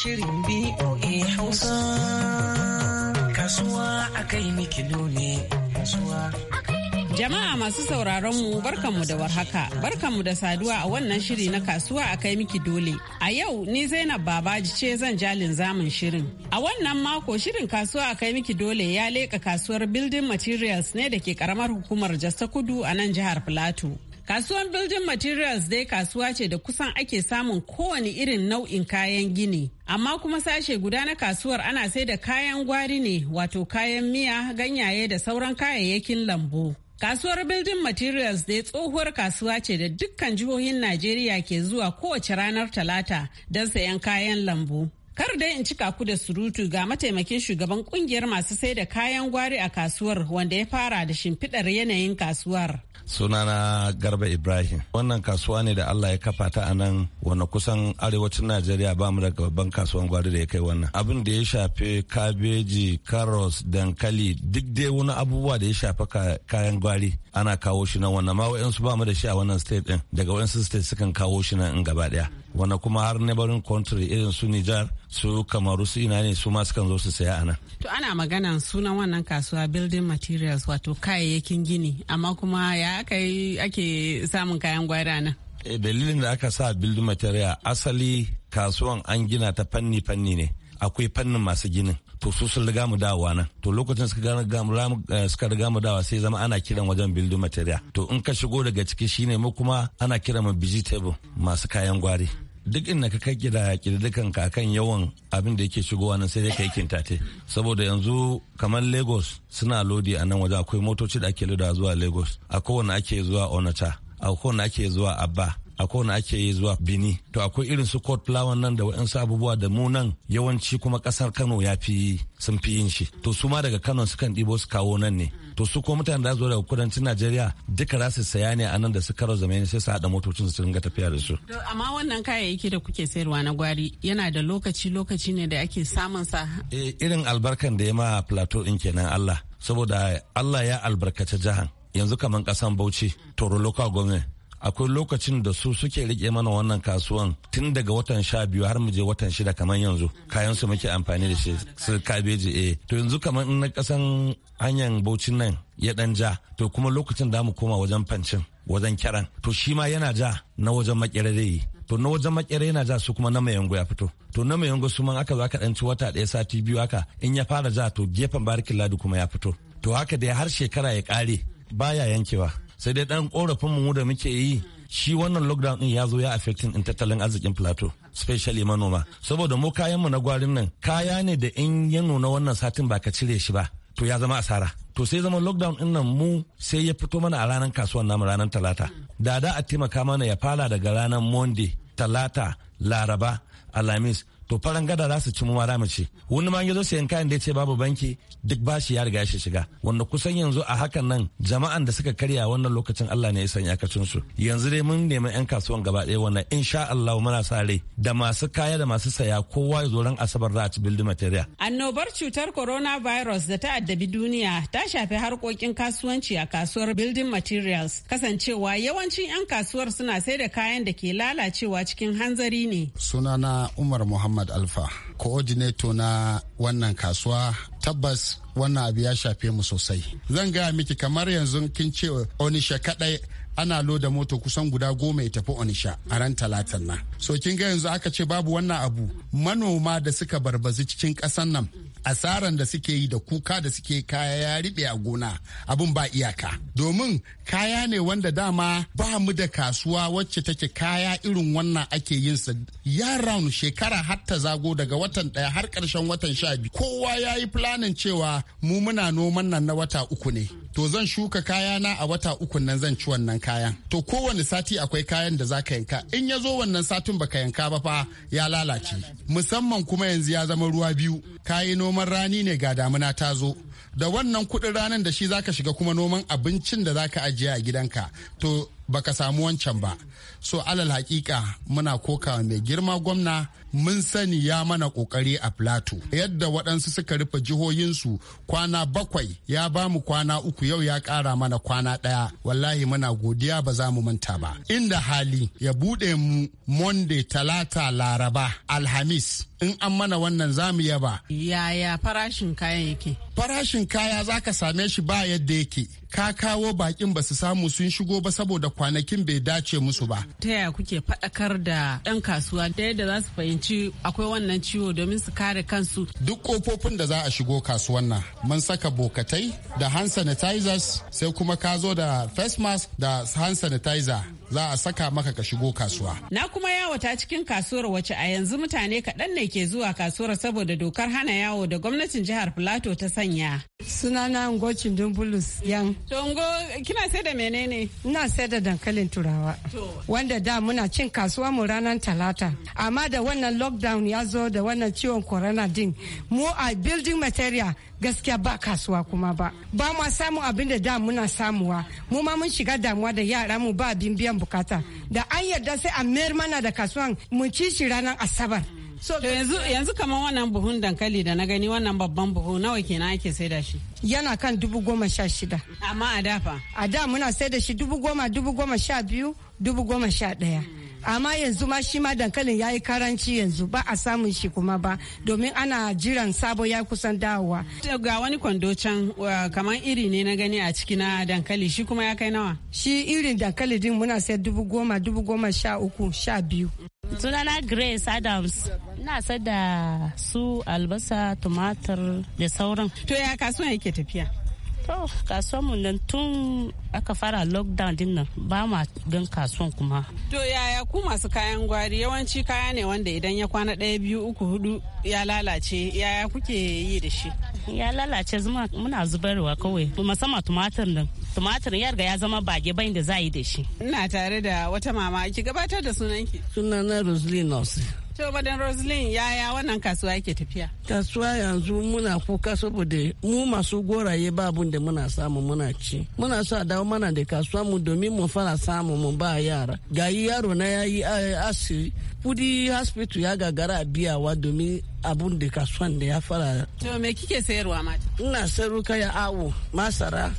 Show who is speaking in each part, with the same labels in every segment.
Speaker 1: Shirin BOA Hausa. Kasuwa a kai mikilo ne. Kasuwa Jama'a masu sauraron mu barkanmu da warhaka, barkanmu da saduwa a wannan shiri na kasuwa a kai miki dole. A yau ni Zainab Babaji ce zan jalin zamun shirin. A wannan mako shirin kasuwa a kai miki dole ya leka kasuwar building materials ne da ke karamar hukumar Jasta Kudu a nan jihar Plateau Kasuwar Building Materials dai kasuwa ce da kusan ake samun kowane irin nau'in kayan gini. Amma kuma sashe guda na kasuwar ana sai da kayan gwari ne wato kayan miya, ganyaye da sauran kayayyakin lambu. Kasuwar Building Materials dai tsohuwar kasuwa ce da dukkan jihohin Najeriya ke zuwa kowace ranar Talata don sayan kayan lambu. Kar dai in cika ku da surutu ga mataimakin shugaban kungiyar masu sai da kayan gwari a kasuwar wanda ya fara da shimfidar yanayin kasuwar.
Speaker 2: Sunana Garba Ibrahim. Wannan kasuwa ne da Allah ya kafa ta a nan wanda kusan arewacin Najeriya ba mu da babban kasuwan gwari da ya kai wannan. Abin da ya shafi kabeji, karos, dankali, duk dai wani abubuwa da ya shafi kayan gwari ana kawo shi nan wannan ma wa'yansu ba mu da shi a wannan state din daga wa'yansu state sukan kawo shi nan in gaba daya. Wanda kuma har neighboring country irin su Nijar su kamaru su ina ne su ma sukan zo su saya anan.
Speaker 1: To ana magana sunan wannan kasuwa building materials wato kayayyakin gini amma kuma ya aka yi ake samun kayan gwada nan.
Speaker 2: E, dalilin da aka sa building material asali kasuwan an gina ta fanni fanni ne. akwai fannin masu ginin to su sun riga mu dawowa nan to lokacin suka eh, riga mu dawa sai zama ana kiran wajen building material to in ka shigo daga ciki shine mu kuma ana kiran mu vegetable masu kayan gwari duk inda ka kai da kididdikan ka kan yawan abin da yake shigowa nan sai dai ka yi kintate saboda yanzu kamar lagos suna lodi a nan waje akwai motoci da ake loda zuwa lagos a kowane ake zuwa onata a kowane ake zuwa abba akwai wani ake yi zuwa Bini to akwai irin su court flower nan da waɗansu abubuwa da mu nan yawanci kuma kasar Kano ya fi sun fi yin shi to su ma daga Kano sukan ɗibo su kawo nan ne to su ko mutane da zo daga kudancin Najeriya duka za su saya ne a nan da su karo ne sai su haɗa motocin su dinga tafiya da su.
Speaker 1: Amma wannan kayayyaki da kuke sayarwa na gwari yana da lokaci lokaci ne da ake samun sa.
Speaker 2: Eh, irin albarkan da ya ma plateau ɗin kenan Allah saboda Allah ya albarkaci jihar yanzu kaman ƙasan Bauchi Toro local government akwai lokacin da su suke rike mana wannan kasuwan tun daga watan sha biyu har mu je watan shida kamar yanzu kayan su muke amfani da shi su kabeji eh to yanzu kamar in na kasan hanyar bauchin nan ya dan ja to kuma lokacin da mu koma wajen fancin wajen kiran to shi ma yana ja na wajen makere zai to na wajen makere yana ja su kuma na mai yango ya fito to na yango su man aka zo aka dan ci wata ɗaya sati biyu haka in ya fara ja to gefen barikin ladi kuma ya fito to haka dai har shekara ya kare baya yankewa sai dai dan korafin mu da muke yi shi wannan lockdown din ya zo ya affecting in tattalin arzikin plateau especially manoma saboda mu kayan mu na gwarin nan kaya ne da in ya nuna wannan satin ba ka cire shi ba to ya zama asara to sai zama lockdown din nan mu sai ya fito mana a ranar kasuwan namu ranar talata da da a taimaka mana ya fara daga ranar monday talata laraba alhamis to faran gada za su ci mu mara mace wani ma ya zo sayan kayan da ya ce babu banki duk bashi ya riga shi shiga wanda kusan yanzu a hakan nan jama'an da suka karya wannan lokacin Allah ne ya sanya kacin su yanzu dai mun nemi yan kasuwan gaba ɗaya wannan insha Allah muna sa rai da masu kaya da masu saya kowa ya zo ran asabar za a ci building material
Speaker 1: annobar cutar coronavirus da ta addabi duniya ta shafi harkokin kasuwanci a kasuwar building materials kasancewa yawancin 'yan kasuwar suna sai da kayan da ke lalacewa cikin hanzari ne
Speaker 3: sunana umar muhammad Ahmad Alfa, coordinator na wannan kasuwa tabbas wannan abu ya shafe mu sosai. Zan gaya miki kamar yanzu kin ce Onisha kadai ana loda moto kusan guda goma ya tafi onisha a ran talatin nan so kin ga yanzu aka ce babu wannan abu manoma da suka barbazi cikin ƙasan nan asaran da suke yi da kuka da suke kaya ya riɓe a gona abun ba iyaka domin kaya ne wanda dama ba mu da kasuwa wacce take kaya irin wannan ake yin sa yaran shekara har ta zago daga watan ɗaya har karshen watan sha biyu kowa ya yi planin cewa mu muna noman nan na wata uku ne to zan shuka kayana a wata uku nan zan ci wannan kayan to kowane sati akwai kayan da zaka yanka in ya zo wannan satin baka yanka ba fa ya lalace musamman kuma yanzu ya zama ruwa biyu kayi noman rani ne ga damuna ta zo da wannan kuɗin ranar da shi zaka shiga kuma noman abincin da zaka ajiye a gidanka to baka samu wancan ba so alal hakika muna kokawa mai girma gwamna mun sani ya mana kokari a plateau yadda waɗansu suka rufe jihohinsu kwana bakwai ya ba mu kwana uku yau ya ƙara mana kwana ɗaya wallahi muna godiya ba za mu manta ba inda hali ya buɗe mu monday talata laraba alhamis in an mana wannan za mu yaba
Speaker 1: yaya farashin kayan yake farashin kaya
Speaker 3: za ka same shi ba yadda yake ka kawo bakin ba su samu sun shigo ba saboda kwanakin bai dace musu ba
Speaker 1: ta yaya kuke faɗakar da ɗan kasuwa da yadda za su fahimci ci akwai wannan ciwo domin su kare kansu.
Speaker 3: Duk kofofin da za a shigo kasuwan nan mun saka bokatai da hand sanitizers sai kuma ka zo da face mask da hand sanitizer za a saka maka ka shigo kasuwa.
Speaker 1: Na kuma yawata cikin kasuwar wacce a yanzu mutane kaɗan ne ke zuwa kasuwar saboda dokar hana yawo da gwamnatin jihar Filato ta sanya. Sunana Ngocin Dumbulus Yan. Tongo kina sai da menene? Ina sai da dankalin turawa. Wanda da muna cin kasuwa mu ranar talata. Amma da wannan lockdown ya zo da wannan ciwon corona din. Mu a building material gaskiya ba kasuwa kuma ba ba ma samu abin da da muna samuwa mu ma mun shiga damuwa da yara mu ba abin biyan bukata da an yarda sai a mayar mana da kasuwan mu ci shi ranar asabar to yanzu yanzu kamar wannan buhun dankali da na gani wannan babban buhu nawa kenan ake saida shi? Yana kan dubu goma sha shida. Amma a da fa? A da muna saida shi dubu goma dubu goma sha biyu dubu goma sha ɗaya. amma yanzu ma shi ma dankalin ya yi karanci yanzu ba a samun shi kuma ba domin ana jiran sabo ya kusan dawowa. ga wani kwando can kamar iri ne na gani a ciki na dankali shi kuma ya kai nawa shi irin dankali din muna sai dubu goma dubu goma sha uku sha biyu sunana grace adams na da su albasa tumatir da sauran to ya kasuwa yake tafiya to mu nan tun aka fara lockdown din nan ba ma gan kasuwan kuma to yaya ku masu kayan gwari yawanci kaya ne wanda idan ya kwana ɗaya biyu uku hudu ya lalace yaya kuke yi da shi ya lalace zuma muna zubarwa kawai musamman tumatir nan tumatir ya riga ya zama bage bayin da za yi da shi ina tare da wata mama ki gabatar da sunanki sunana rosely nurse To madan Roslyn yaya wannan kasuwa yake tafiya? Kasuwa yanzu muna kuka saboda mu masu goraye babun da muna samu muna ci. Muna sa dawo mana da kasuwa mu domin mu fara samu mu ba yara. Gayi yaro na yayi asiri kudi hospital ya gagara biya biyawa domin abun da kasuwan da ya fara. To me kike sayarwa mata? Ina sayar kaya awo, masara,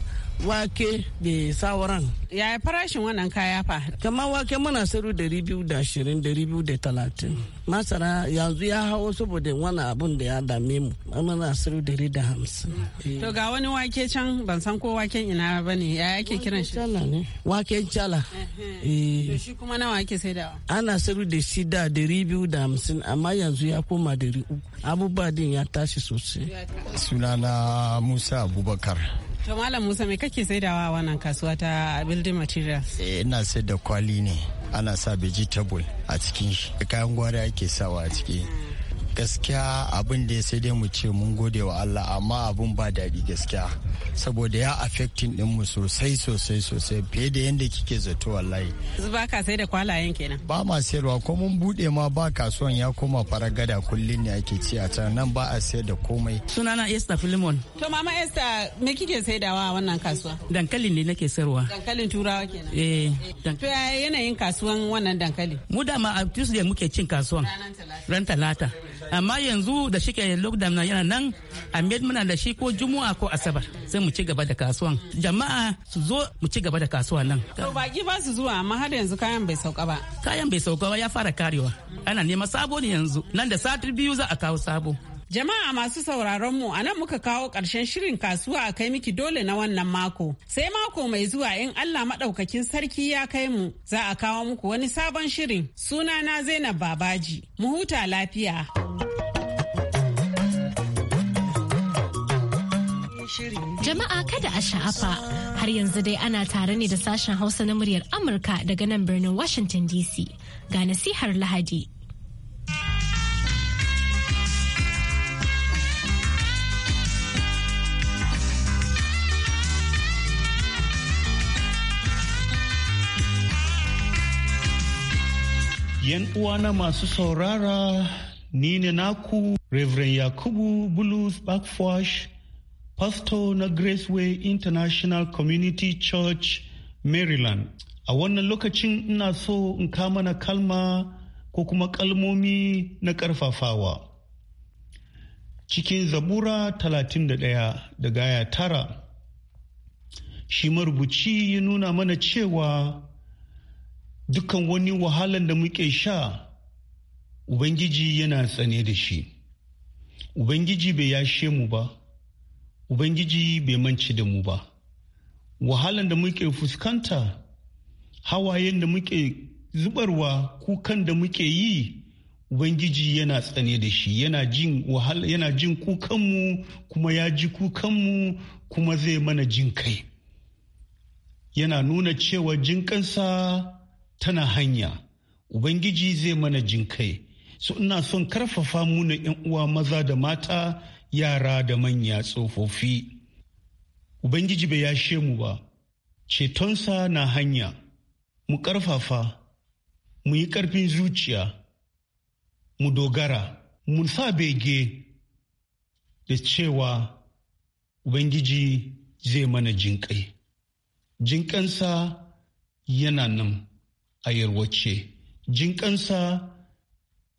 Speaker 1: wake da sawaran. Yaya farashin wannan kaya fa? Kamar wake muna sayar dari biyu da ashirin dari biyu da talatin. Masara yanzu ya hawo saboda wani abun da ya dame mu. Muna sayar dari da hamsin. Eh. To ga wani wake can ban san ko waken ina ba ne ya yake kiran shi. Cala ne. Waken cala. Eh. To shi kuma nawa ake saidawa? Ana sayar da shi da dari biyu da hamsin amma yanzu ya koma dari uku. Abubuwa din ya tashi sosai. Sunana Musa Abubakar. To Malam Musa me kake saidawa a wannan kasuwa ta building materials? Eh ina
Speaker 4: sayar da kwali ne. Ana sa vegetable a cikin shi. Kayan gwari ake sawa a ciki. Gaskiya abin da ya sai dai mu ce mun gode wa Allah amma abin ba daɗi gaskiya. saboda ya affecting din mu sosai sosai sosai fiye da yadda kike zato wallahi
Speaker 1: ba ka sai da kwalayen kenan
Speaker 4: ba ma sayarwa ko mun bude ma ba kasuwan ya koma farar gada kullum ne ake ci a can nan ba
Speaker 3: a sayar da komai
Speaker 1: sunana Esther Filimon to mama Esther me kike saidawa a wannan kasuwa dankalin ne nake sayarwa dankalin turawa kenan eh to yanayin kasuwan wannan dankali mu da ma a Tuesday muke cin kasuwan ran talata amma yanzu da shi ke lockdown na yana nan a muna da shi ko juma'a ko asabar sai mu ci gaba da kasuwan jama'a su zo mu ci gaba da kasuwan nan to baki ba su zuwa amma har yanzu kayan bai sauka ba kayan bai sauka ba ya fara karewa ana neman sabo ne yanzu nan da sati biyu za a kawo sabo Jama'a masu sauraron mu anan muka kawo ƙarshen shirin kasuwa a kai miki dole na wannan mako. Sai mako mai zuwa in Allah maɗaukakin sarki ya kai mu za a kawo muku wani sabon shirin. Sunana Zainab Babaji. Mu huta lafiya. Shirin Jama'a kada a sha'afa
Speaker 5: har yanzu dai ana tare ne da sashen Hausa na muryar Amurka daga nan birnin Washington DC ga nasihar Lahadi.
Speaker 6: Yan uwana masu saurara ni ne naku Reverend Yakubu Bulus Backfash pasto na Graceway International Community Church, Maryland. A wannan lokacin ina so in kama na kalma ko kuma kalmomi na karfafawa. Cikin Zabura talatin da ɗaya, gaya tara, shi marubuci ya nuna mana cewa dukan wani wahalan da muke sha, Ubangiji yana tsane da shi. Ubangiji bai yashe mu ba. Ubangiji bai manci da mu ba. Wahalan da muke fuskanta, hawayen da muke zubarwa, kukan da muke yi, Ubangiji yana tsane da shi, yana jin yana kukanmu kuma ya ji kukanmu kuma zai mana jin kai. Yana nuna cewa jinkansa tana hanya, Ubangiji zai mana jin kai. so ina son karfafa muna yan uwa maza da mata yara da manya tsofaffi ubangiji bai yashe mu ba cetonsa na hanya mu karfafa mu yi karfin zuciya mu dogara mu sa bege da cewa ubangiji zai mana jinƙai jinƙansa yana nan a yarwace jinƙansa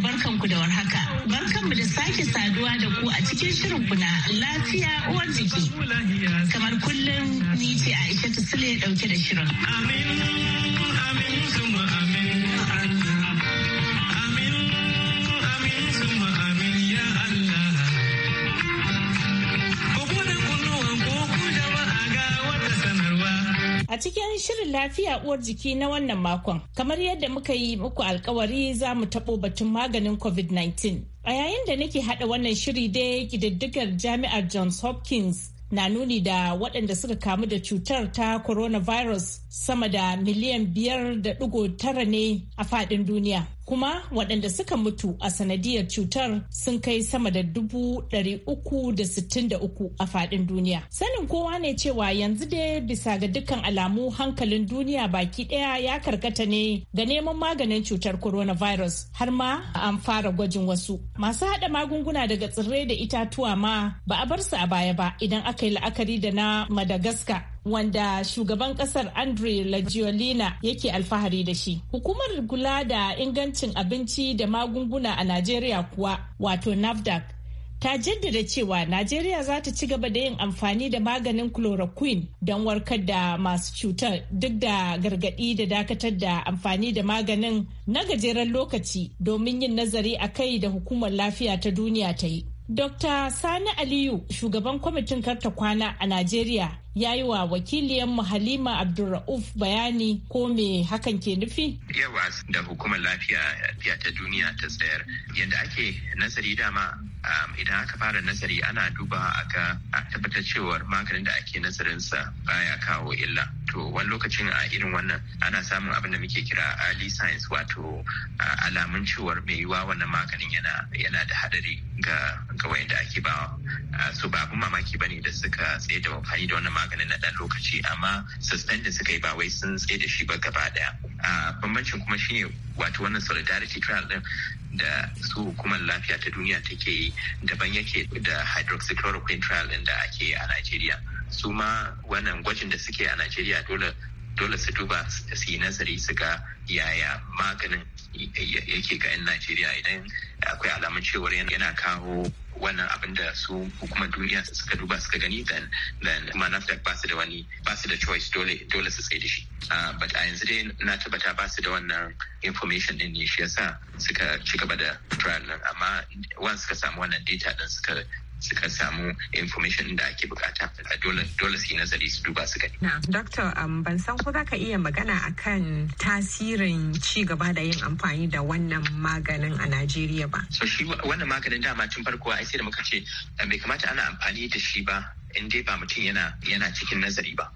Speaker 7: Barkanku da warhaka. Barkanmu da sake saduwa da ku a cikin shirin kuna lafiya uwar jiki. Kamar kullum ni ce Aisha Sule dauke da shirin. Amin, amin, amin. A cikin shirin lafiya uwar jiki na wannan makon, kamar yadda muka yi muku alkawari za mu taɓo batun maganin COVID-19. A yayin da nake haɗa wannan shiri dai ƙididdigar jami'ar Johns Hopkins na nuni da waɗanda suka kamu da cutar ta coronavirus sama da miliyan biyar da ɗigo tara ne a faɗin duniya. kuma waɗanda suka mutu a sanadiyar cutar sun kai sama da dubu ɗari uku da sittin da uku a faɗin duniya. Sanin kowa ne cewa yanzu dai bisa ga dukkan alamu hankalin duniya baki ɗaya ya karkata ne ga neman maganin cutar coronavirus har ma an fara gwajin wasu. Masu haɗa magunguna daga tsirrai da itatuwa ma ba a bar su a baya ba idan aka yi la'akari da na Madagascar wanda shugaban kasar andre lagiolina yake alfahari da shi hukumar kula da ingancin abinci da magunguna a najeriya kuwa wato nafdac ta jaddada cewa najeriya za ta ci gaba da yin amfani da maganin chloroquine don warkar da masu cutar duk da gargadi da dakatar da amfani da maganin na gajeren lokaci domin yin nazari a kai da hukumar lafiya ta duniya ta yi dr sani aliyu shugaban kwamitin karta kwana a najeriya ya yi wa wakiliyanmu halima abdulra'uf bayani ko me hakan ke nufi
Speaker 8: yawa da hukumar lafiya ta duniya ta tsayar yadda ake nazari dama um, idan aka fara nazari ana duba aka tabbatar cewar maganin da ake nazarinsa baya kawo illa to wani lokacin a irin wannan ana samun abin da muke kira early science wato alamun cewar mai yiwa wannan maganin yana yana da hadari ga ga wayanda ake ba su ba mamaki bane da suka tsaye da amfani da wannan maganin na ɗan lokaci amma suspend da suka yi ba wai sun tsaye da shi ba gaba ɗaya bambancin kuma shine wato wannan solidarity trial din da su hukumar lafiya ta duniya take yi daban yake da hydroxychloroquine trial din da ake yi a Najeriya su ma wannan gwajin da suke a Najeriya dole dole su duba su yi nazari su ga yaya maganin yake ga 'yan najeriya idan akwai alamun cewar yana kawo wannan abin da su hukumar duniya suka duba suka gani dan dan kuma nafdac ba su da wani ba su da choice dole dole su tsaye da shi ah, but a yanzu dai na tabbata ba su da wannan information din ne shi yasa suka ci gaba da trial amma once suka samu wannan data din suka suka samu information da ake bukata dole dole su yi nazari su duba su gani.
Speaker 9: Na um, ban san ko zaka iya magana akan tasirin ci gaba da yin amfani da wannan maganin a Najeriya ba.
Speaker 8: So shi wannan maganin dama tun farko a sai da muka ce um, bai kamata ana amfani da shi ba in dai ba mutum yana cikin nazari ba.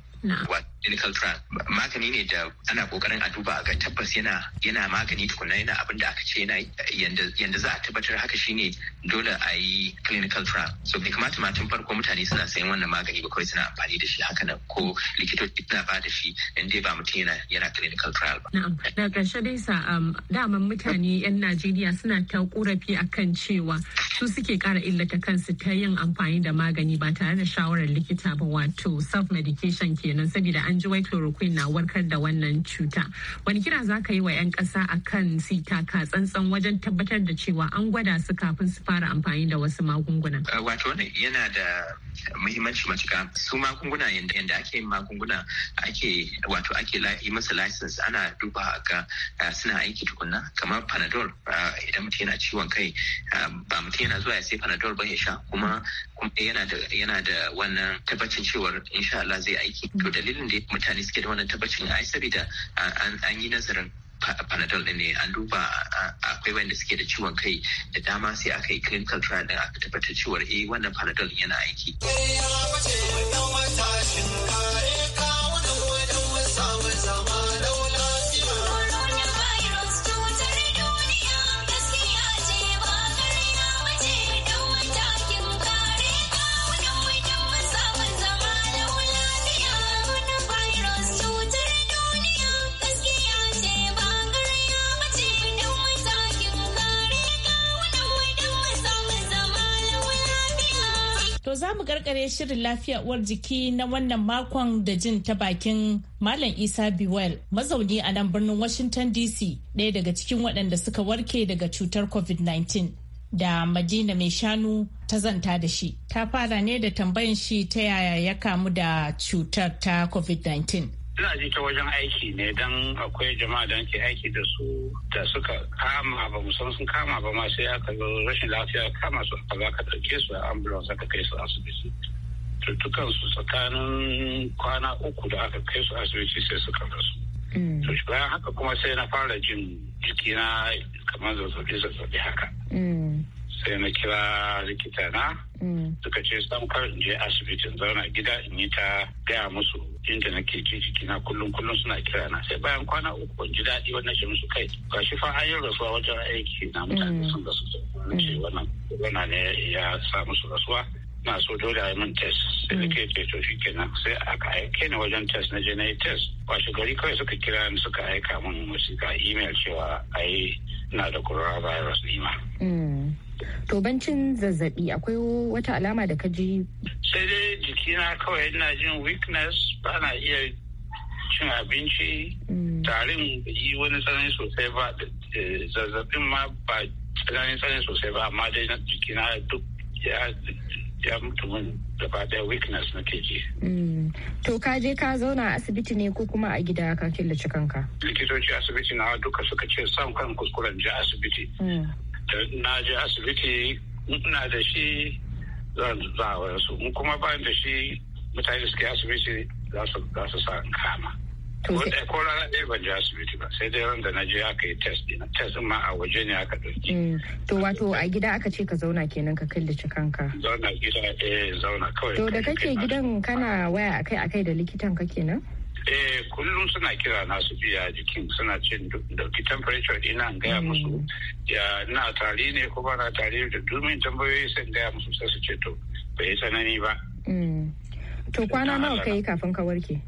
Speaker 8: clinical trial magani ne da ana kokarin a duba ga tabbas yana yana magani tukuna yana abin da aka ce yana yanda za a tabbatar haka shine dole a yi clinical trial so bai kamata ma farko mutane suna sayan wannan magani ba kawai suna amfani da shi haka nan ko likitoci suna ba da shi in dai ba mutum yana yana clinical trial ba.
Speaker 9: na ƙarshe dai sa um, daman mutane 'yan Najeriya suna ta korafi akan cewa su suke kara illata kansu ta yin amfani da magani ba tare da shawarar likita ba wato self medication kenan saboda an an ji wai chloroquine na warkar da wannan cuta wani kira za ka yi wa 'yan ƙasa akan sita ka tsantsan wajen tabbatar da cewa an gwada su kafin su fara amfani da wasu magungunan
Speaker 8: wato yana da muhimmanci matuka su magunguna yadda ake yin magunguna ake wato ake yi masa license ana duba ga suna aiki tukunna kamar panadol idan mutum yana ciwon kai ba mutum yana zuwa ya sai panadol ba ya sha kuma yana da yana da wannan tabbacin cewar insha Allah zai aiki to dalilin da mutane suke da wannan tabbacin ai saboda an yi nazarin panadol din ne an duba akwai wanda suke da ciwon kai da dama sai aka yi clinical trial din aka tabbatar cewa eh wannan panadol yana aiki.
Speaker 7: za mu karkare shirin lafiya uwar jiki na wannan makon da jin ta bakin Malam Isa Biwel, mazauni a nan birnin Washington DC, ɗaya daga cikin waɗanda suka warke daga cutar COVID-19 da Madina mai shanu ta zanta da shi. Ta fara ne da tambayan shi ta yaya ya kamu da cutar ta COVID-19.
Speaker 10: suna ji ta wajen aiki ne don akwai jama'a da ke aiki da su da suka kama ba musamman sun kama ba ma sai aka zo rashin lafiya kama su aka za ka ɗauke su a ambulance aka kai su asibiti cututtukan su tsakanin kwana uku da aka kai su asibiti sai suka rasu mm. to bayan haka kuma sai na fara jin jikina kamar zazzabi zazzabi haka mm. sai na kira likita na mm. suka ce samkar kar in je asibitin zauna gida in yi ta gaya musu inda ke jiki jikina kullum kullum suna kira na sai bayan kwana uku ji daɗi wannan shi musu kai ga shi fa an yi rasuwa wajen aiki na mutane mm. sun rasu ce mm. wannan ne ya sa musu rasuwa na so dole a min test sai da hmm. ke to shi kenan sai aka aike ni wajen test na je na yi test washe gari kawai suka kira ni suka aika min musika email cewa ai na da coronavirus nima.
Speaker 9: Hmm. To bancin zazzabi akwai wata alama da ka ji?
Speaker 10: Sai dai jikina kawai ina jin weakness ba na iya cin abinci hmm. tarin yi wani tsanani sosai ba eh, zazzabin ma ba tsanani tsanani sosai ba amma dai jikina duk ya ya mutu mun gaba daya weakness na ke ji.
Speaker 9: Mm. To ka je ka zauna a asibiti ne ko kuma a gida ka killace kanka?
Speaker 10: Likitoci asibiti na duka suka ce sam kan kuskuren je asibiti. Mm. Na je asibiti ina da shi zan zawa su kuma bayan da shi mutane suke asibiti za su sa kama. ko rana ɗaya ban je asibiti ba sai dai wanda na je aka yi test ɗin test ma a waje ne aka ɗauki.
Speaker 9: Mm. to wato a gida aka ce ka zauna kenan ka killace kanka.
Speaker 10: zauna gida eh zauna kawai. to da kake gidan
Speaker 9: kana waya akai akai da likitan ka kenan.
Speaker 10: eh kullum suna kira su biya jikin suna cin dauki temperature ina gaya mm. musu ya na tari ne ko ba na tari da dumin tambayoyi sai gaya musu sai su ce to bai yi tsanani ba.
Speaker 9: Mm. to kwana nawa kai kafin ka warke.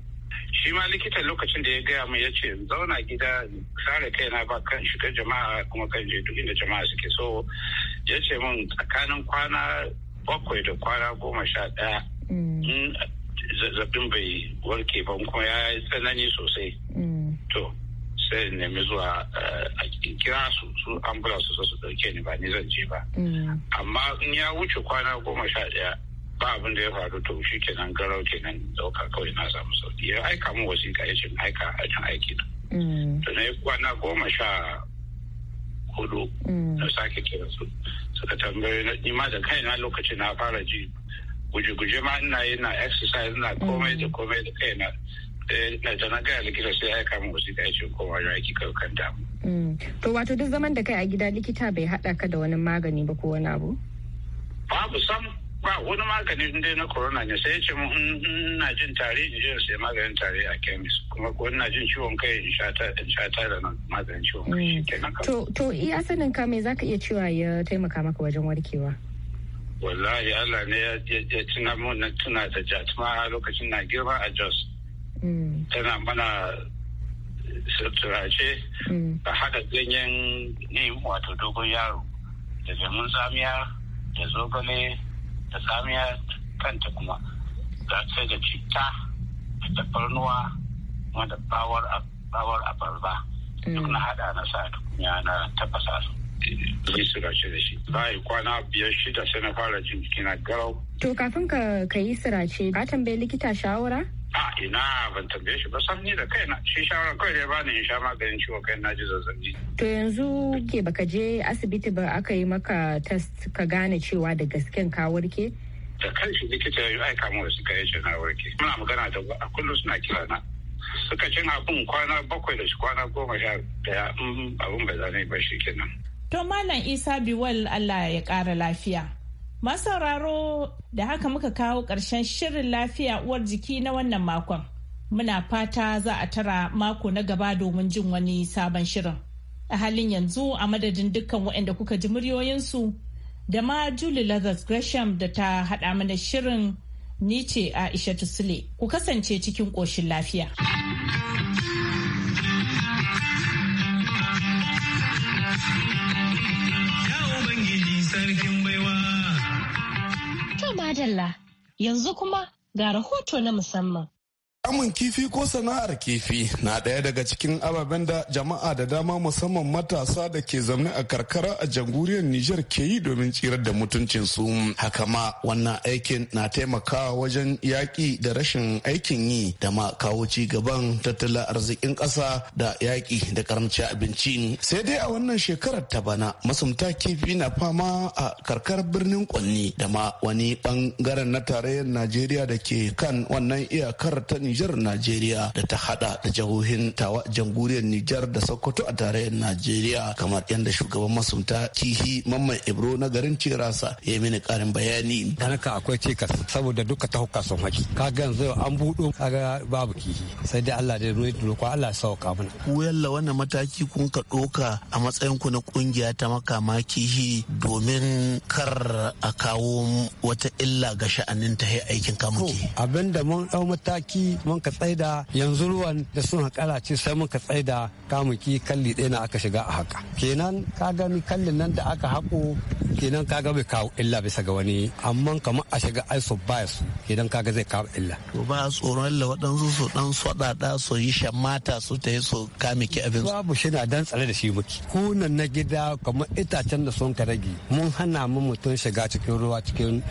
Speaker 10: shi ma likitan lokacin da ya gaya mun ya ce zauna gida sare kaina ba kan shiga jama'a kuma kan je duk inda jama'a suke so ya ce min tsakanin kwana bakwai da kwana goma sha ɗaya mm. zazzabin bai warke ba kuma ya yi tsanani sosai mm. to sai nemi zuwa eh, a kira su su ambulance su su dauke ni ba ni zan je ba mm. amma in ya wuce kwana goma sha ɗaya ba abin da ya faru to shi kenan garau kenan dauka kawai na samu sauki ya aika mu wasiƙa ya ce aika a can aiki na. Mm. to na yi kwana goma sha hudu mm. na sake kira su suka tambaye na ma da kaina lokacin na fara ji guje-guje ma ina yi na exercise na komai da mm. komai da kai na da eh, na gaya likita sai aika mu wasiƙa ya ce koma ya aiki kawai kan
Speaker 9: damu. to wato duk zaman da kai a gida likita bai haɗa ka da wani magani ba ko wani abu.
Speaker 10: babu sam ba wani magani dai na corona ne sai ce mun ina jin tari in je sai maganin tari a kemis kuma ko ina jin ciwon kai in sha ta in sha ta da maganin ciwon kai to
Speaker 9: to iya sanin ka me zaka iya cewa ya taimaka maka wajen warkewa
Speaker 10: wallahi Allah ne ya tuna mun tuna da jatuma a lokacin na girma a Jos mm. tana mana sutturace mm. a haɗa ganyen ne eh, wato dogon yaro da lemun tsamiya da zogale da samiya kanta kuma za ta da citta da tafarnuwa kuma da bawar abarba mm. duk na hada na sa tukunya na tafasa su yi eh, sirace da shi yi kwana biyar shida sai na fara jin jikina garau
Speaker 9: to kafin ka yi sirace ka tambayi likita shawara
Speaker 10: a ina ban tambaye shi ba sam ni da kaina shi shawara kawai dai bani in sha maganin kai na ji zazzabi
Speaker 9: to yanzu ke baka je asibiti ba aka yi maka test ka gane cewa da gasken ka warke
Speaker 10: da kanshi likita ya aika mu suka yi ce na warke muna magana da a kullum suna kira na suka cin abin kwana bakwai da shi kwana goma sha daya abin bai zane ba shi kenan
Speaker 7: to malam isa biwal allah ya kara lafiya sauraro da haka muka kawo ƙarshen shirin lafiya uwar jiki na wannan makon. Muna fata za a tara mako na gaba domin jin wani sabon shirin. A halin yanzu a madadin dukkan waɗanda kuka ji muryoyinsu da ma Julie Lazarus Gresham da ta haɗa mana shirin ni ce Aisha Tusule. Ku kasance cikin ƙoshin lafiya.
Speaker 5: Madalla, yanzu kuma ga rahoto na musamman.
Speaker 11: kamun kifi ko sana'ar kifi na ɗaya daga cikin ababen da jama'a da dama musamman matasa da ke zaune a karkara a jamhuriyar Nijar ke yi domin tsirar da mutuncinsu. Haka ma wannan aikin na taimakawa wajen yaƙi da rashin aikin yi da ma kawo ci gaban tattalin arzikin ƙasa da yaƙi da karamci abinci. Sai dai a wannan shekarar ta bana masumta kifi na fama a karkar birnin Kwanni da ma wani ɓangaren na tarayyar Najeriya da ke kan wannan iyakar ta Nijar. Nijar Najeriya da ta hada da jihohin tawa jamhuriyar Nijar da Sokoto a tarayyar Najeriya kamar yadda shugaban masunta Kihi Mamman Ibro na garin Cirasa ya mini
Speaker 4: karin bayani. Danaka akwai cikas saboda duka hukka sun Ka Kaga yanzu an buɗo kaga babu kihi sai dai Allah da ruwa roƙo Allah sauka mana. Ku yalla wannan mataki kun ka
Speaker 11: ɗoka a matsayin ku na ƙungiya ta makama kihi domin kar a
Speaker 4: kawo wata illa ga sha'anin ta aikin kamun kihi. Abin da mun ɗau mataki kifi mun ka tsaida yanzu ruwan da sun kalace sai mun ka tsaida kamuki kalli ɗaya na aka shiga a haka kenan ka gani kallin nan da aka haƙo kenan ka ga bai kawo illa bisa ga wani amma kamar a shiga aiso ba su kenan ka ga zai kawo illa. to ba tsoron la waɗansu su ɗan swadada su yi shammata su ta yi su kamiki abin su. babu shi na dan tsare da shi muke. kunan na gida kamar itacen da sun ka rage mun hana mu mutum shiga cikin ruwa cikin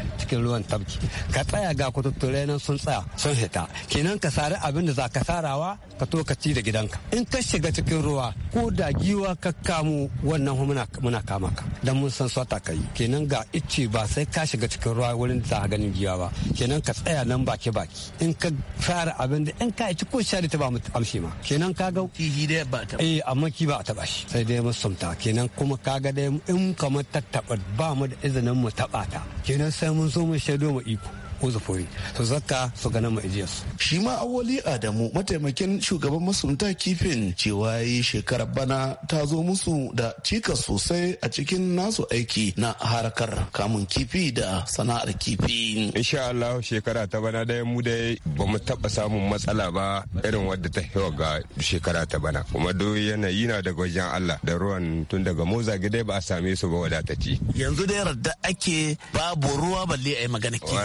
Speaker 4: ruwan tabki ka tsaya ga kututture nan sun tsaya sun hita kenan idan ka sari abin da za ka sarawa ka to ka ci da gidanka in ka shiga cikin ruwa ko da giwa ka kamo wannan muna muna kama ka dan mun san sota kai kenan ga icce ba sai ka shiga cikin ruwa wurin da za ka ganin giwa ba kenan ka tsaya nan baki baki in ka fara abin da in ka ci ko shari ta ba mu amshi ma kenan ka ga kifi dai ba ta eh amma ki ba ta ba shi sai dai musumta kenan kuma ka ga dai in kamar tattaɓa ba mu da izinin mu taɓa ta kenan sai mun zo mu shaido mu iko uzufuri su zakka su ga nama su. shi ma
Speaker 11: awali adamu mataimakin shugaban masunta kifin cewa yi shekarar bana ta zo musu da cika sosai a cikin nasu aiki na harkar kamun kifi
Speaker 3: da sana'ar kifi. insha Allah shekara ta bana dai mu dai ba mu taɓa samun matsala ba irin wadda ta hewa ga shekara ta bana kuma yana yanayi na daga wajen Allah da ruwan tun daga moza gidai ba a same su ba wadatacci. yanzu dai radda ake babu ruwa balle a yi magana kifi.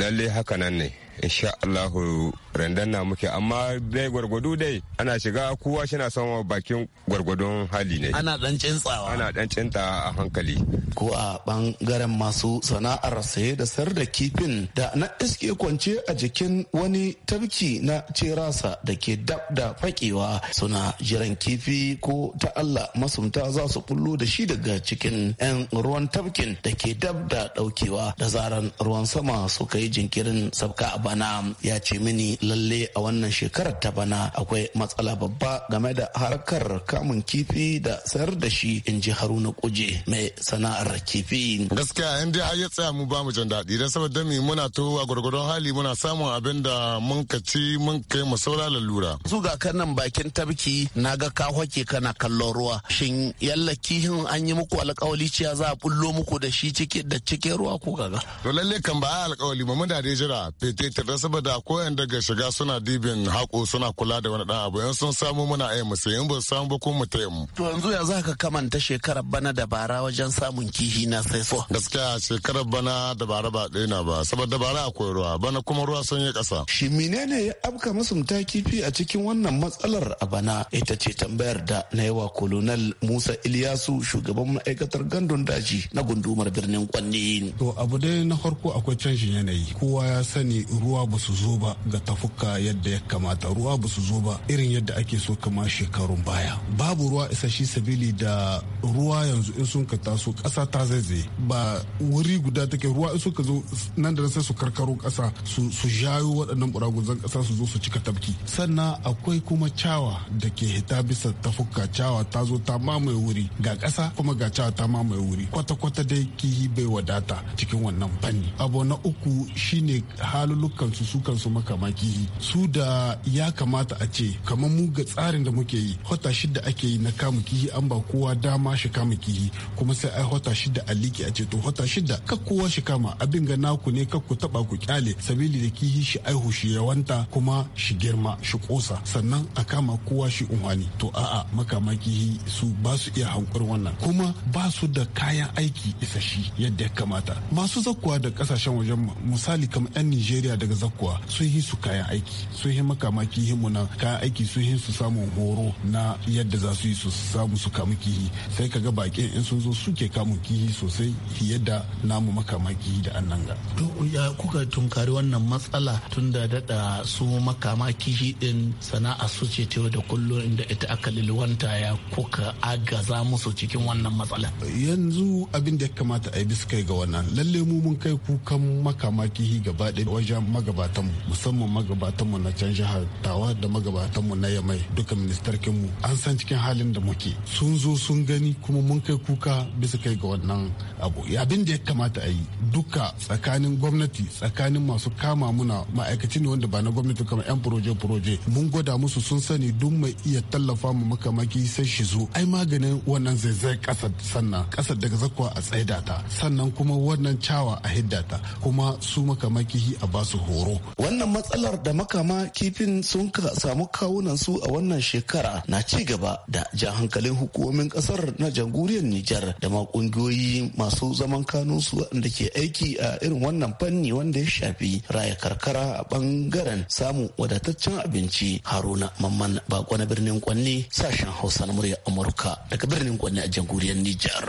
Speaker 3: lalle haka nan ne insha Allahu randan na muke amma dai gwargwado dai ana shiga kowa shi na son bakin gwargwadon hali ne ana dan cintsawa ana dan cinta a hankali
Speaker 11: ko a bangaren masu sana'ar saye da sayar da kifin da na iske kwance a jikin wani tabki na cerasa da ke dab da fakewa suna jiran kifi ko ta Allah masunta za su kullu da shi daga cikin 'yan ruwan tabkin da ke dab da daukewa da zaran ruwan sama suka yi jinkirin sabka a bana ya ce mini lalle a wannan shekarar ta bana akwai matsala babba game da harkar kamun kifi da sayar da shi in ji haruna kuje mai sana'ar kifi
Speaker 3: gaskiya in dai ya tsaya mu ba mu jin daɗi don saboda mi muna to a gwargwadon hali muna samun abin da mun ka mun kai mu saura lalura su
Speaker 11: ga kanan bakin tabki na ga ka hoke kana kallon ruwa shin yalla kihin an yi muku alkawali ciya za a bullo muku da shi ciki da cikin
Speaker 3: ruwa ko kaga to lalle kan ba alkawali ba mun da jira fete ta saboda ko yan daga shiga suna dibin haƙo suna kula da wani ɗan abu yan sun samu muna ai mu sai in ba samu ba kuma mu taya mu.
Speaker 11: To yanzu ya za ka kamanta shekarar bana da bara wajen samun kihi na
Speaker 3: sai so. Gaskiya shekarar bana da bara ba ɗaya na ba saboda bara akwai ruwa bana kuma ruwa sun yi ƙasa.
Speaker 11: Shi menene ya afka masumta kifi a cikin wannan matsalar a bana ita ce tambayar da na yawa kolonel Musa Iliyasu shugaban ma'aikatar gandun daji na gundumar birnin Kwanne.
Speaker 12: To abu dai na farko akwai canjin yanayi kowa ya sani ruwa ba su zo ba ga tafi rafuffuka yadda ya kamata ruwa ba su zo ba irin yadda ake so kama shekarun baya babu ruwa isashi sabili da ruwa yanzu in sun ka taso kasa ta zaizaye ba wuri guda take ruwa in suka zo nan da sai su karkaro kasa su jayo waɗannan zan ƙasa su zo su cika tafki sannan akwai kuma cawa da ke hita bisa tafuka cawa ta zo ta mamaye wuri ga kasa kuma ga cawa ta mamaye wuri kwata-kwata dai kihi bai wadata cikin wannan fanni abu na uku shine halulukan su su kansu makamaki yi su da ya kamata a ce kamar mu ga tsarin da muke yi hota shida ake yi na kama kihi an ba kowa dama shi kamu kihi kuma sai ai hota shida a liki a ce to hota shida ka kowa shi kama abin ga naku ne ka ku taba ku kyale sabili da kihi shi aihu shi yawanta kuma shi girma shi kosa sannan a kama kowa shi unhani to a'a makama kihi su ba su iya hankur wannan kuma ba su da kayan aiki isashi yadda ya kamata masu zakkuwa da kasashen wajen misali kamar yan Nijeriya daga zakkuwa sun yi su kaya kayan aiki sun makama kihin mu na kayan aiki su su samun horo na yadda za su yi su samu su kamu kihi sai kaga bakin in sun zo suke kamun kihi sosai yadda namu makama kihi da annan ga
Speaker 11: to ya kuka tunkari wannan matsala tun da dada su makama kihi din sana'a su ce ta da kullum inda ita aka lilwanta ya kuka agaza musu cikin wannan matsala
Speaker 12: yanzu abin da ya kamata a yi bisa kai ga wannan lalle mu mun kai kukan makama kihi gaba ɗaya wajen magabatan musamman magabatan magabatanmu na can jihar tawa da magabatanmu na yamai duka ministarkinmu an san cikin halin da muke sun zo sun gani kuma mun kai kuka bisa kai ga wannan abu abin da ya kamata a yi duka tsakanin gwamnati tsakanin masu kama muna ma'aikaci ne wanda ba na gwamnati kamar yan proje proje mun gwada musu sun sani duk mai iya tallafa mu makamaki sai shi zo ai maganin wannan zaizayar kasa sannan kasa daga zakwa a tsaida ta sannan kuma wannan cawa a hiddata kuma su makamaki a basu horo wannan matsalar da makama
Speaker 11: kifin sun samu kawunan su a wannan shekara na ci gaba da jan hankalin hukumomin kasar na jamhuriyar Nijar da ma kungiyoyi masu zaman kanun su da ke aiki a irin wannan fanni wanda ya shafi raya karkara a bangaren samun wadataccen abinci haruna mamman bako na birnin kwanne sashen hausa na murya amurka daga birnin kwanne a jamhuriyar Nijar.